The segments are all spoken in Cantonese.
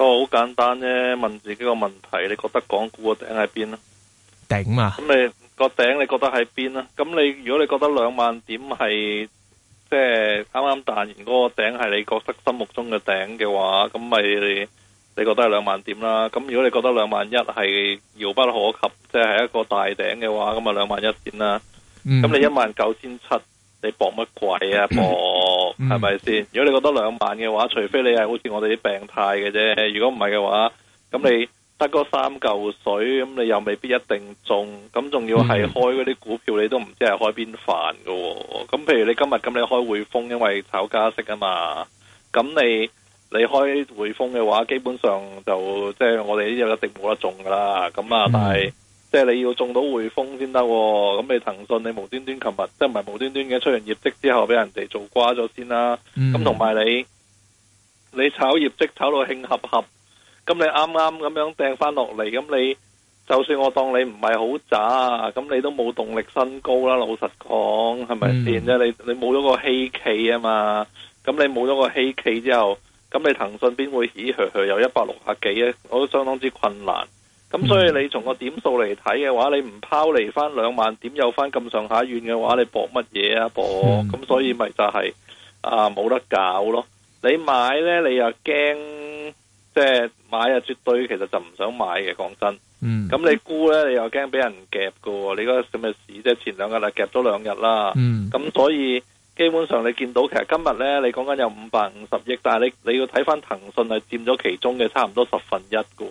哦，好簡單啫，問自己個問題，你覺得港股個頂喺邊啦？頂嘛、啊，咁你個頂你覺得喺邊啦？咁你如果你覺得兩萬點係即係啱啱彈完嗰個頂係你，你，你覺得心目中嘅頂嘅話，咁咪你覺得係兩萬點啦？咁如果你覺得兩萬一係遙不可及，即、就、係、是、一個大頂嘅話，咁啊兩萬一點啦。咁、嗯、你一萬九千七。你搏乜鬼啊？搏，係咪先？如果你覺得兩萬嘅話，除非你係好似我哋啲病態嘅啫。如果唔係嘅話，咁你得嗰三嚿水，咁你又未必一定中。咁仲要係開嗰啲股票，你都唔知係開邊範㗎噶。咁譬如你今日咁，你開匯豐，因為炒加息啊嘛。咁你你開匯豐嘅話，基本上就即係、就是、我哋呢隻一定冇得中噶啦。咁啊， 但係。即係你要中到匯豐先得，咁你騰訊你無端端，琴日即係唔係無端端嘅出完業績之後，啊，俾人哋做瓜咗先啦。咁同埋你，你炒業績炒到慶合合，咁你啱啱咁樣掟翻落嚟，咁你就算我當你唔係好渣，咁你都冇動力新高啦。老實講，係咪先啫？你你冇咗個希冀啊嘛，咁你冇咗個希冀之後，咁你騰訊邊會起起起有一百六十幾咧？我都相當之困難。咁、嗯、所以你從個點數嚟睇嘅話，你唔拋離翻兩萬點有翻咁上下遠嘅話，你搏乜嘢啊？搏！咁、嗯、所以咪就係、是、啊，冇、呃、得搞咯。你買呢，你又驚，即係買啊，絕對其實就唔想買嘅。講真，咁、嗯、你沽呢，你又驚俾人夾喎。你嗰隻咩市即係前兩日夾咗兩日啦。咁、嗯、所以基本上你見到，其實今日呢，你講緊有五百五十億，但係你你要睇翻騰訊係佔咗其中嘅差唔多十分一㗎。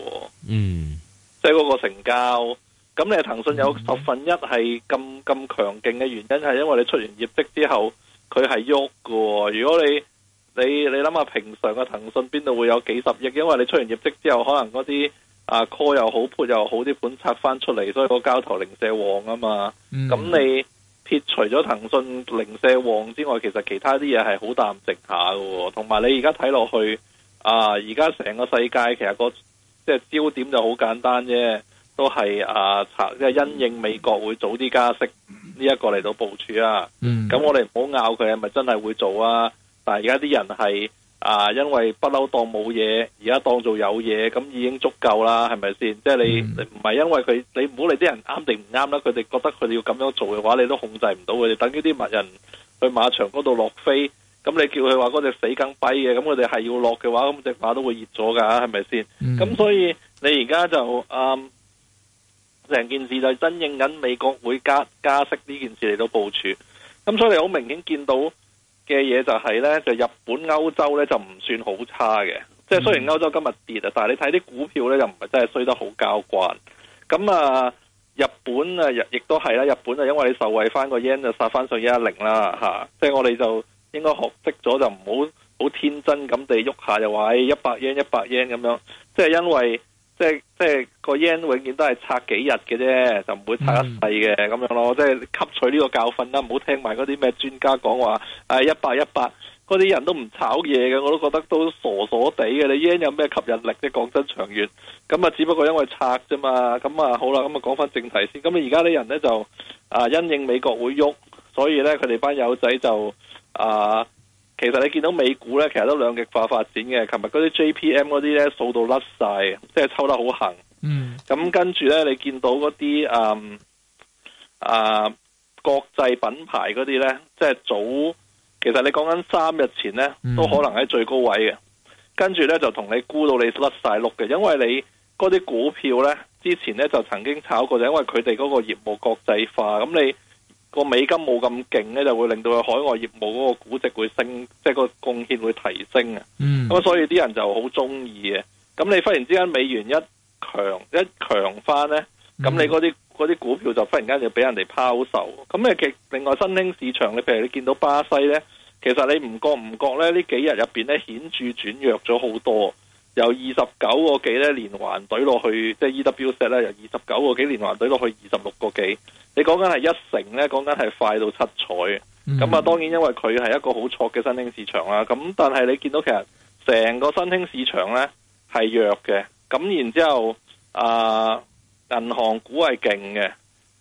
嗯。即係嗰個成交，咁你騰訊有十分一係咁咁強勁嘅原因係因為你出完業績之後，佢係喐喎。如果你你你諗下平常嘅騰訊邊度會有幾十億？因為你出完業績之後，可能嗰啲啊 call 又好 put 又好啲盤拆翻出嚟，所以個交投零舍旺啊嘛。咁、嗯、你撇除咗騰訊零舍旺之外，其實其他啲嘢係好淡靜下喎、哦。同埋你而家睇落去，啊而家成個世界其實、個。即係焦點就好簡單啫，都係啊，即係、呃、因應美國會早啲加息呢一個、這個嚟到部署啊。咁、嗯、我哋唔好拗佢係咪真係會做啊？但係而家啲人係啊、呃，因為不嬲當冇嘢，而家當做有嘢，咁已經足夠啦，係咪先？嗯、即係你你唔係因為佢，你唔好理啲人啱定唔啱啦。佢哋覺得佢哋要咁樣做嘅話，你都控制唔到佢哋，等於啲物人去馬場嗰度落飛。咁你叫佢話嗰隻死梗跛嘅，咁佢哋係要落嘅話，咁隻馬都會熱咗噶，係咪先？咁、嗯、所以你而家就，成、嗯、件事就係真應緊美國會加加息呢件事嚟到部署。咁所以你好明顯見到嘅嘢就係呢，就是、日本、歐洲呢就唔算好差嘅。即、就、係、是、雖然歐洲今日跌啊，但係你睇啲股票呢又唔係真係衰得好交關。咁啊，日本啊亦都係啦，日本啊因為你受惠翻個 yen 就殺翻上一一零啦，吓。即係我哋就。應該學識咗就唔好好天真咁地喐下就說100 100，就話一百英、一百英 e n 咁樣，即係因為即係即係個 y 永遠都係拆幾日嘅啫，就唔會拆一世嘅咁樣咯。即、就、係、是、吸取呢個教訓啦、啊，唔好聽埋嗰啲咩專家講話誒一百一百嗰啲人都唔炒嘢嘅，我都覺得都傻傻地嘅。你 y 有咩吸引力啫？講真長遠咁啊，那只不過因為拆啫嘛，咁啊好啦，咁啊講翻正題先。咁啊而家啲人咧就啊因應美國會喐，所以咧佢哋班友仔就。啊，uh, 其實你見到美股咧，其實都兩極化發展嘅。琴日嗰啲 JPM 嗰啲咧，掃到甩晒，即係抽得好行。Mm hmm. 嗯，咁跟住咧，你見到嗰啲嗯啊國際品牌嗰啲咧，即係早，其實你講緊三日前咧，mm hmm. 都可能喺最高位嘅。跟住咧就同你沽到你甩晒轆嘅，因為你嗰啲股票咧，之前咧就曾經炒過，就因為佢哋嗰個業務國際化，咁你。個美金冇咁勁咧，就會令到佢海外業務嗰個估值會升，即係個貢獻會提升啊。mm. 咁所以啲人就好中意嘅。咁你忽然之間美元一強一強翻咧，咁你嗰啲啲股票就忽然間就俾人哋拋售。咁其另外新興市場，你譬如你見到巴西咧，其實你唔覺唔覺咧呢幾日入邊咧顯著轉弱咗好多。由二十九個幾咧連環懟落去，即係 EWZ 咧、嗯，由二十九個幾連環懟落去二十六個幾。你講緊係一成咧，講緊係快到七彩。咁啊，當然因為佢係一個好挫嘅新興市場啦。咁但係你見到其實成個新興市場咧係弱嘅。咁然之後，然後啊，銀行股係勁嘅，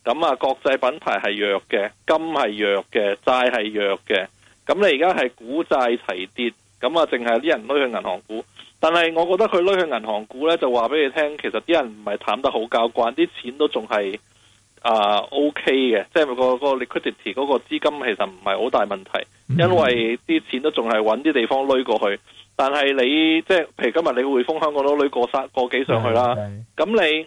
咁啊國際品牌係弱嘅，金係弱嘅，債係弱嘅。咁你而家係股債齊跌，咁啊淨係啲人都去銀行股。但係我覺得佢拉去銀行股呢，就話俾你聽，其實啲人唔係淡得好交關，啲錢都仲係啊 OK 嘅，即係個個 liquidity 嗰個資金其實唔係好大問題，因為啲錢都仲係揾啲地方拉過去。但係你即係譬如今日你匯豐香港都拉過三、過幾上去啦，咁是的 你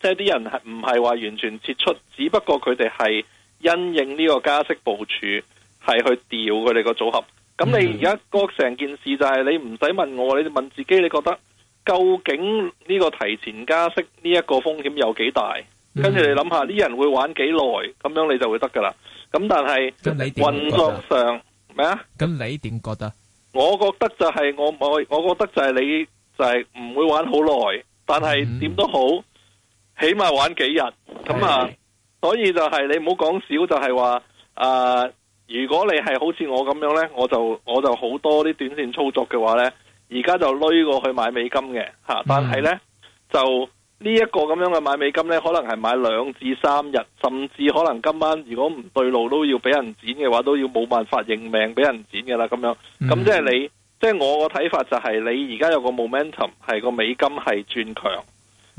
即係啲人係唔係話完全撤出，只不過佢哋係因應呢個加息部署，係去調佢哋個組合。咁、嗯、你而家個成件事就係你唔使問我，你問自己，你覺得究竟呢個提前加息呢一個風險有幾大？跟住、嗯、你諗下啲人會玩幾耐，咁樣你就會你得噶啦。咁但係運作上咩啊？咁你點覺得？我覺得、就係我，我覺得就係我我我覺得就係你就係唔會玩好耐，但係點都好，嗯、起碼玩幾日咁啊。的所以就係、是、你唔好講少，就係話誒。呃如果你係好似我咁樣呢，我就我就好多啲短線操作嘅話呢，而家就攞過去買美金嘅，但係呢，就呢一個咁樣嘅買美金呢，可能係買兩至三日，甚至可能今晚如果唔對路都要俾人剪嘅話，都要冇辦法認命俾人剪嘅啦咁樣。咁即係你，即係我個睇法就係你而家有個 momentum 係個美金係轉強，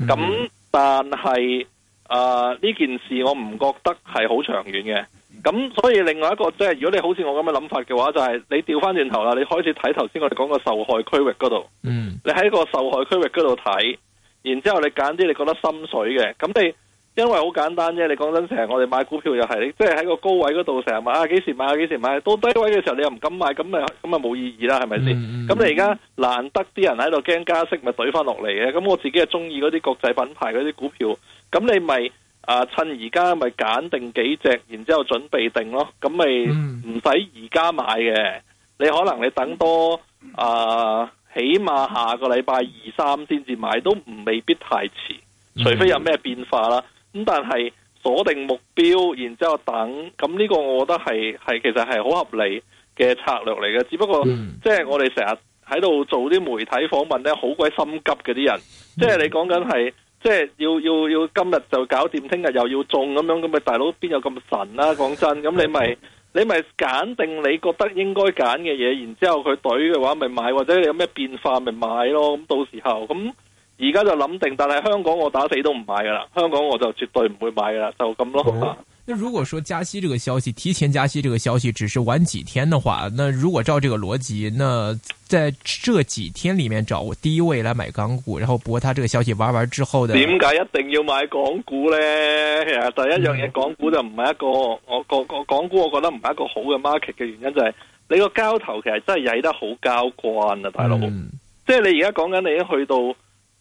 咁、嗯嗯、但係啊呢件事我唔覺得係好長遠嘅。咁所以另外一個即係、就是、如果你好似我咁嘅諗法嘅話，就係、是、你調翻轉頭啦，你開始睇頭先我哋講個受害區域嗰度，嗯，你喺個受害區域嗰度睇，然之後你揀啲你覺得心水嘅，咁你因為好簡單啫，你講真成日，常常我哋買股票又係，即係喺個高位嗰度成日買，幾、啊、時買幾、啊、時買，到低位嘅時候你又唔敢買，咁咪咁咪冇意義啦，係咪先？咁、嗯嗯、你而家難得啲人喺度驚加息，咪對翻落嚟嘅，咁我自己係中意嗰啲國際品牌嗰啲股票，咁你咪。啊！趁而家咪揀定幾隻，然之後準備定咯。咁咪唔使而家買嘅。嗯、你可能你等多啊，起碼下個禮拜二三先至買，都唔未必太遲。除非有咩變化啦。咁、嗯、但係鎖定目標，然之後等。咁呢個我覺得係係其實係好合理嘅策略嚟嘅。只不過、嗯、即係我哋成日喺度做啲媒體訪問咧，好鬼心急嘅啲人。即係你講緊係。嗯嗯即係要要要今日就搞掂，聽日又要中咁樣咁，咪大佬邊有咁神啦，啊？講真，咁你咪你咪揀定你覺得應該揀嘅嘢，然之後佢懟嘅話咪買，或者你有咩變化咪買咯。咁到時候，咁而家就諗定，但係香港我打死都唔買噶啦，香港我就絕對唔會買噶啦，就咁咯。嗯那如果說加息這個消息，提前加息這個消息只是玩幾天的話，那如果照這個邏輯，那在這幾天裏面找低位來買港股，然後博他這個消息玩完之後的。點解一定要買港股呢？第一樣嘢，嗯、港股就唔係一個，我個個港股我覺得唔係一個好嘅 market 嘅原因就係、是、你個交投其實真係曳得好交關啊，大佬。嗯、即係你而家講緊，你已經去到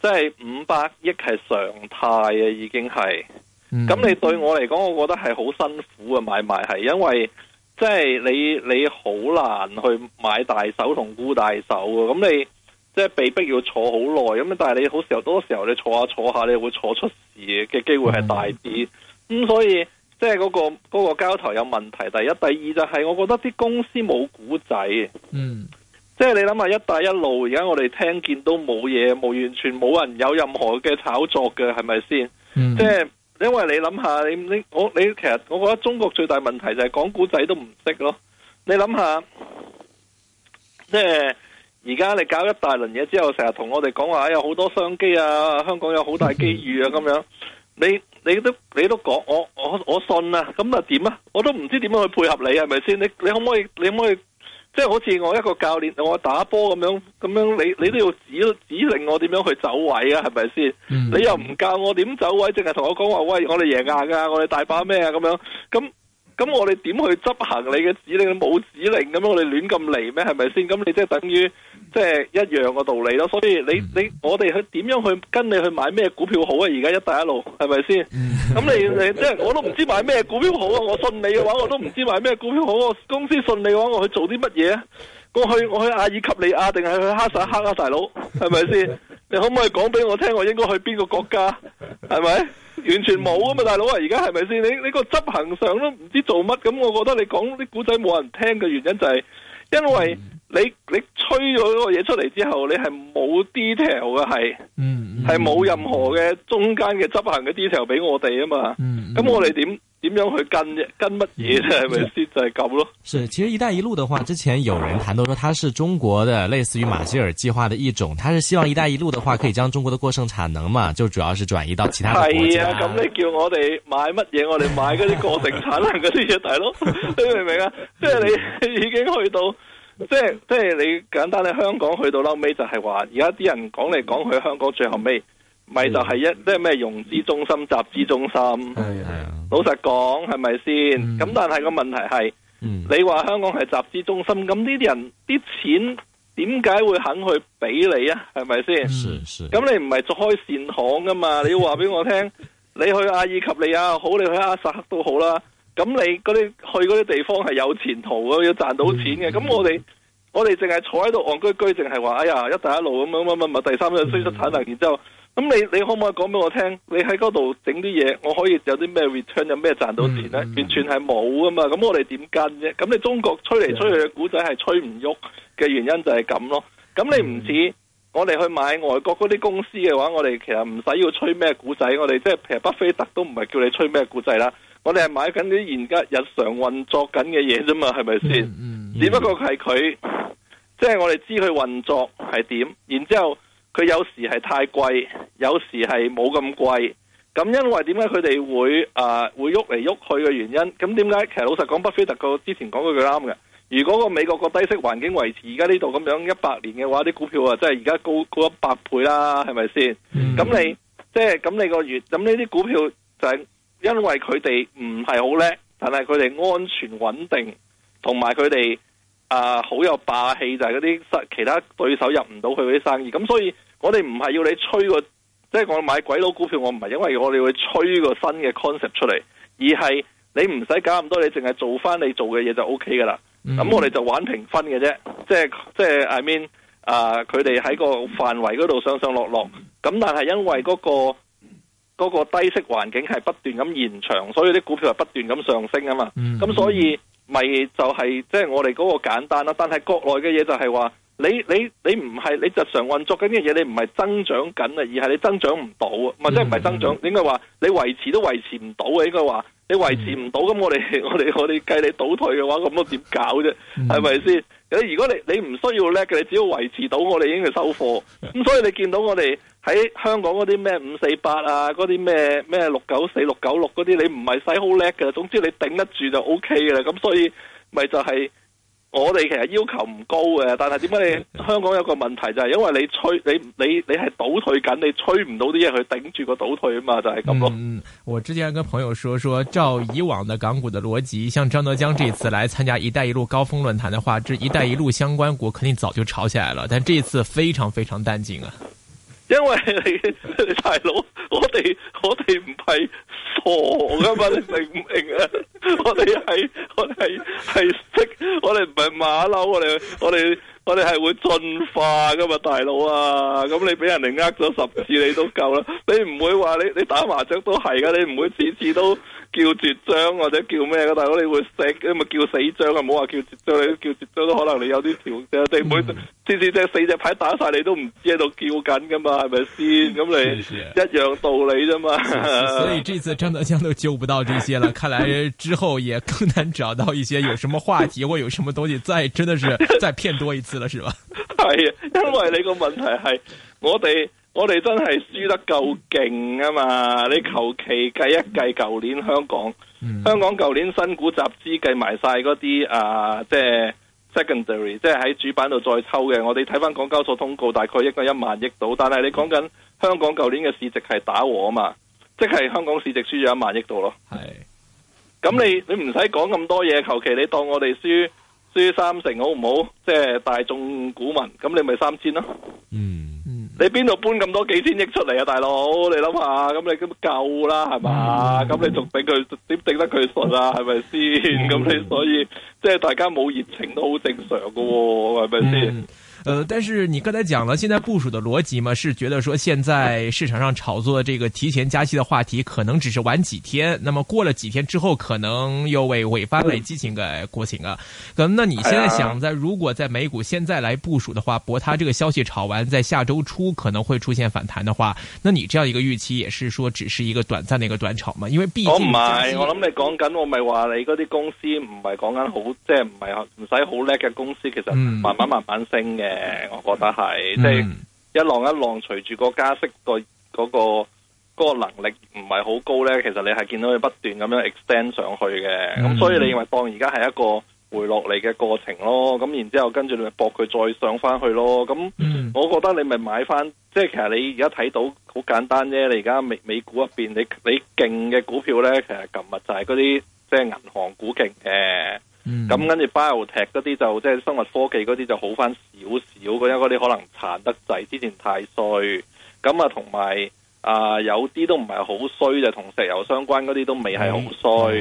即係五百億係常態嘅、啊，已經係。咁、嗯、你對我嚟講，我覺得係好辛苦嘅買賣，係因為即係、就是、你你好難去買大手同沽大手嘅，咁你即係、就是、被逼要坐好耐，咁但係你好時候多時候你坐下坐下，你會坐出事嘅機會係大啲，咁、嗯、所以即係嗰個嗰、那個交投有問題。第一、第二就係我覺得啲公司冇故仔，嗯，即係你諗下一帶一路而家我哋聽見都冇嘢，冇完全冇人有任何嘅炒作嘅，係咪先？即係、嗯。就是因為你諗下你你我你其實我覺得中國最大問題就係講古仔都唔識咯。你諗下，即係而家你搞一大輪嘢，之後，成日同我哋講話，哎呀，有好多商機啊，香港有好大機遇啊咁樣。你你都你都講我我我信啊，咁啊點啊？我都唔知點樣去配合你係咪先？你你可唔可以？你可唔可以？即係好似我一個教練，我打波咁樣咁樣，樣你你都要指指令我點樣去走位啊？係咪先？你又唔教我點走位，淨係同我講，話喂，我哋贏硬㗎，啊，我哋大把咩啊咁樣。咁咁我哋點去執行你嘅指令？冇指令咁樣我，我哋亂咁嚟咩？係咪先？咁你即係等於。即係一樣個道理咯，所以你你我哋去點樣去跟你去買咩股票好啊？而家一帶一路係咪先？咁你你即係我都唔知買咩股票好啊！我信你嘅話，我都唔知買咩股票好。我公司信你嘅話，我去做啲乜嘢啊？過去我去阿爾及利亞定係去哈薩克啊，大佬係咪先？你可唔可以講俾我聽？我應該去邊個國家？係咪完全冇啊？嘛大佬啊，而家係咪先？你你個執行上都唔知做乜咁，我覺得你講啲古仔冇人聽嘅原因就係因為。你你吹咗嗰個嘢出嚟之後，你係冇 detail 嘅係，係冇、嗯、任何嘅中間嘅執行嘅 detail 俾我哋啊嘛。咁、嗯、我哋點點樣去跟啫？跟乜嘢啫？係咪先？就係咁咯？是，其實一帶一路嘅話，之前有人談到說，佢是中國的類似於馬歇爾計劃的一種，佢是希望一帶一路嘅話，可以將中國的過剩產能嘛，就主要是轉移到其他國家，啊。咁、啊、你叫我哋買乜嘢？我哋買嗰啲過剩產能嗰啲嘢， 大佬，你明唔明啊？即係 你已經去到。即係即係你簡單咧，香港去到後尾就係話，而家啲人講嚟講去，香港最後尾咪的就係一即係咩融資中心、集資中心。係係的，老實講係咪先？咁、嗯、但係個問題係，你話香港係集資中心，咁呢啲人啲錢點解會肯去俾你啊？係咪先？咁你唔係作開善行噶嘛？你要話俾我聽， 你去阿爾及利亞好，你去阿薩克都好啦。咁你嗰啲去嗰啲地方係有前途嘅，要賺到錢嘅。咁、嗯、我哋、嗯、我哋淨係坐喺度戇居居，淨係話哎呀，一帶一路咁樣咁樣，咪第三就輸出產能。嗯、然之後咁你你可唔可以講俾我聽？你喺嗰度整啲嘢，我可以有啲咩 return，有咩賺到錢咧？嗯嗯、完全係冇㗎嘛。咁我哋點跟啫？咁你中國吹嚟吹去嘅古仔係吹唔喐嘅原因就係咁咯。咁你唔似我哋去買外國嗰啲公司嘅話，我哋其實唔使要吹咩古仔，我哋即係譬如巴菲特都唔係叫你吹咩古仔啦。我哋係買緊啲而家日常運作緊嘅嘢啫嘛，係咪先？嗯嗯、只不過係佢，即、就、係、是、我哋知佢運作係點，然之後佢有時係太貴，有時係冇咁貴。咁因為點解佢哋會誒、呃、會喐嚟喐去嘅原因？咁點解？其實老實講，巴菲特個之前講過句佢啱嘅。如果個美國個低息環境維持而家呢度咁樣一百年嘅話，啲股票啊，真係而家高高咗百倍啦，係咪先？咁你即係咁你個月咁呢啲股票就係。因為佢哋唔係好叻，但係佢哋安全穩定，同埋佢哋啊好有霸氣，就係嗰啲其他對手入唔到佢嗰啲生意。咁所以我哋唔係要你吹個，即係我買鬼佬股票，我唔係因為我哋會吹個新嘅 concept 出嚟，而係你唔使搞咁多，你淨係做翻你做嘅嘢就 OK 噶啦。咁我哋就玩評分嘅啫，即係即係 I mean 啊、呃，佢哋喺個範圍嗰度上上落落，咁但係因為嗰、嗰個。嗰個低息環境係不斷咁延長，所以啲股票係不斷咁上升啊嘛。咁、嗯、所以咪就係即係我哋嗰個簡單啦。但係國內嘅嘢就係話，你你你唔係你日常運作緊啲嘢，你唔係增長緊啊，而係你增長唔到啊，咪即係唔係增長？應該話你維持都維持唔到啊。應該話你維持唔到，咁、嗯、我哋我哋我哋計你倒退嘅話，咁我點搞啫？係咪先？如果你你唔需要叻嘅，你只要維持到，我哋已經係收貨。咁所以你見到我哋。喺香港嗰啲咩五四八啊，嗰啲咩咩六九四六九六嗰啲，你唔係使好叻嘅，總之你頂得住就 O K 嘅啦。咁所以咪就係我哋其實要求唔高嘅，但係點解你香港有個問題就係因為你吹，你你你係倒退緊，你吹唔到啲嘢去頂住個倒退啊嘛，就係咁咯。嗯嗯，我之前跟朋友說，說照以往的港股的邏輯，像張德江這次來參加一帶一路高峰論壇的話，這一帶一路相關股肯定早就炒起來了，但這一次非常非常淡靜啊。因為你，你，你大佬，我哋我哋唔係傻㗎嘛，你明唔明啊？我哋係我哋係係識，我哋唔係馬騮，我哋我哋我哋係會進化㗎嘛，大佬啊！咁你俾人哋呃咗十次，你都夠啦，你唔會話你你打麻雀都係㗎，你唔會次次都。叫絕章或者叫咩嘅，大佬你會食，咁咪叫死章啊！唔好話叫絕章，你叫絕章都可能你有啲條件，你每、嗯每。每次次只四隻牌打晒，你都唔知喺度叫緊噶嘛，係咪先？咁你是是一樣道理啫嘛是是是。所以這次張德江都救唔到呢些了， 看來之後也更難找到一些有什麼話題 或有什麼東西再真的是再騙多一次了，是吧？係啊，因為你個問題係 我哋。我哋真係輸得夠勁啊嘛！你求其計一計，舊年香港香港舊年新股集資計埋曬嗰啲啊，即係 secondary，即係喺主板度再抽嘅。我哋睇翻，港交所通告，大概一個一萬億度。但係你講緊香港舊年嘅市值係打和啊嘛，即係香港市值輸咗一萬億度咯。係咁是你你唔使講咁多嘢，求其你當我哋輸輸三成好唔好？即係大眾股民，咁你咪三千咯。嗯。你邊度搬咁多幾千億出嚟啊，大佬？你諗下，咁你都夠啦，係嘛？咁、嗯、你仲俾佢點頂得佢順啊？係咪先？咁、嗯、你所以即係、就是、大家冇熱情都好正常噶、啊，係咪先？嗯。呃，但是你剛才講了，現在部署的邏輯嘛，是覺得說現在市場上炒作的這個提前加息的話題，可能只是晚幾天，那麼過了幾天之後，可能又為尾盤來激情個國情啊。可、嗯，那你現在想在如果在美股現在來部署的話，博他這個消息炒完，在下周初可能會出現反彈的話，那你這樣一個預期，也是說只是一個短暫的一個短炒嘛？因為畢竟我唔係，我諗你講緊，我咪話你嗰啲公司唔係講緊好，即係唔係唔使好叻嘅公司，其實慢慢慢慢升嘅。誒、嗯，我覺得係即係一浪一浪，隨住個加息、嗰個、嗰個、嗰個能力唔係好高咧，其實你係見到佢不斷咁樣 extend 上去嘅，咁、嗯、所以你認為當而家係一個回落嚟嘅過程咯，咁然之後跟住你咪搏佢再上翻去咯，咁我覺得你咪買翻，嗯、即係其實你而家睇到好簡單啫，你而家美美股入邊，你你勁嘅股票咧，其實琴日就係嗰啲即係銀行股勁嘅。欸咁跟住 Biotech 嗰啲就即係、就是、生物科技嗰啲就好翻少少，因為嗰啲可能殘得滯，之前太衰。咁啊，同埋啊，有啲都唔係好衰就同石油相關嗰啲都未係好衰。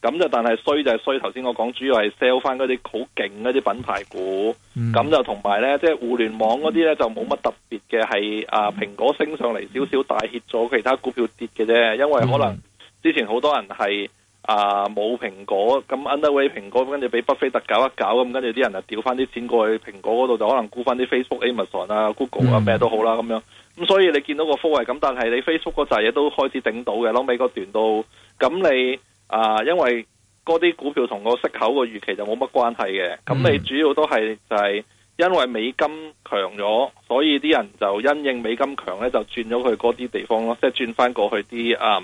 咁、嗯嗯、就但係衰就係衰，頭先我講主要係 sell 翻嗰啲好勁嗰啲品牌股。咁、嗯、就同埋咧，即係、就是、互聯網嗰啲咧就冇乜特別嘅係啊，蘋、呃、果升上嚟少少，帶挈咗其他股票跌嘅啫，因為可能之前好多人係。啊！冇蘋果咁 Underway 蘋果，跟住俾巴菲特搞一搞咁，跟住啲人就調翻啲錢過去蘋果嗰度，就可能沽翻啲 Facebook、Amazon Google, 啊、Google 啊咩都好啦咁樣。咁所以你見到個幅位，咁，但係你 Facebook 嗰扎嘢都開始頂到嘅，攞美嗰段到。咁你啊，因為嗰啲股票同個息口嘅預期就冇乜關係嘅。咁你主要都係就係因為美金強咗，所以啲人就因應美金強咧，就轉咗去嗰啲地方咯，即、就、係、是、轉翻過去啲啊、嗯、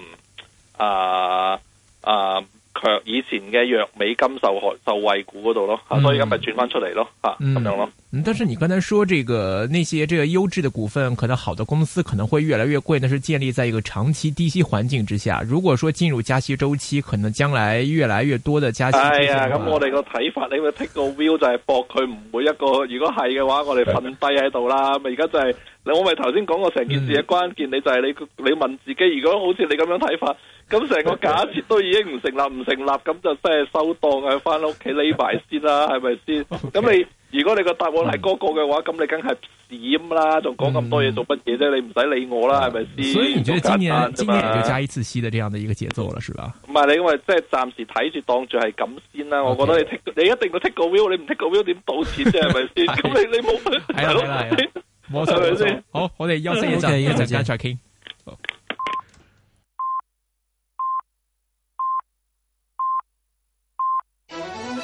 啊～啊，強、呃、以前嘅弱美金受受惠股嗰度咯，吓、嗯，所以而家咪轉翻出嚟咯，吓、嗯，咁樣咯。但是你剛才說，這個那些這個優質的股份，可能好的公司可能會越來越貴，但是建立在一個長期低息環境之下。如果說進入加息周期，可能將來越來越多的加息。係啊、哎，咁、嗯話嗯、我哋個睇法，你會 take 個 view 就係博佢唔會一個，如果係嘅話，我哋瞓低喺度啦。咪而家就係、是，我咪頭先講過成件事嘅關鍵，嗯、就你就係你你問自己，如果好似你咁樣睇法。咁成個假設都已經唔成立，唔成立咁就真係收檔啊，翻屋企匿埋先啦，係咪先？咁你如果你個答案係個個嘅話，咁你梗係閃啦，仲講咁多嘢做乜嘢啫？你唔使理我啦，係咪先？所以你覺得今年，今年就加一次息嘅這樣嘅一個節奏啦是吧？唔係，你因為即係暫時睇住，當住係咁先啦。我覺得你 tick，你一定要 take a view，你唔 take a view 點賭錢啫？係咪先？咁你你冇係啊？冇錯，冇錯。好，我哋休息一陣，一陣間再傾。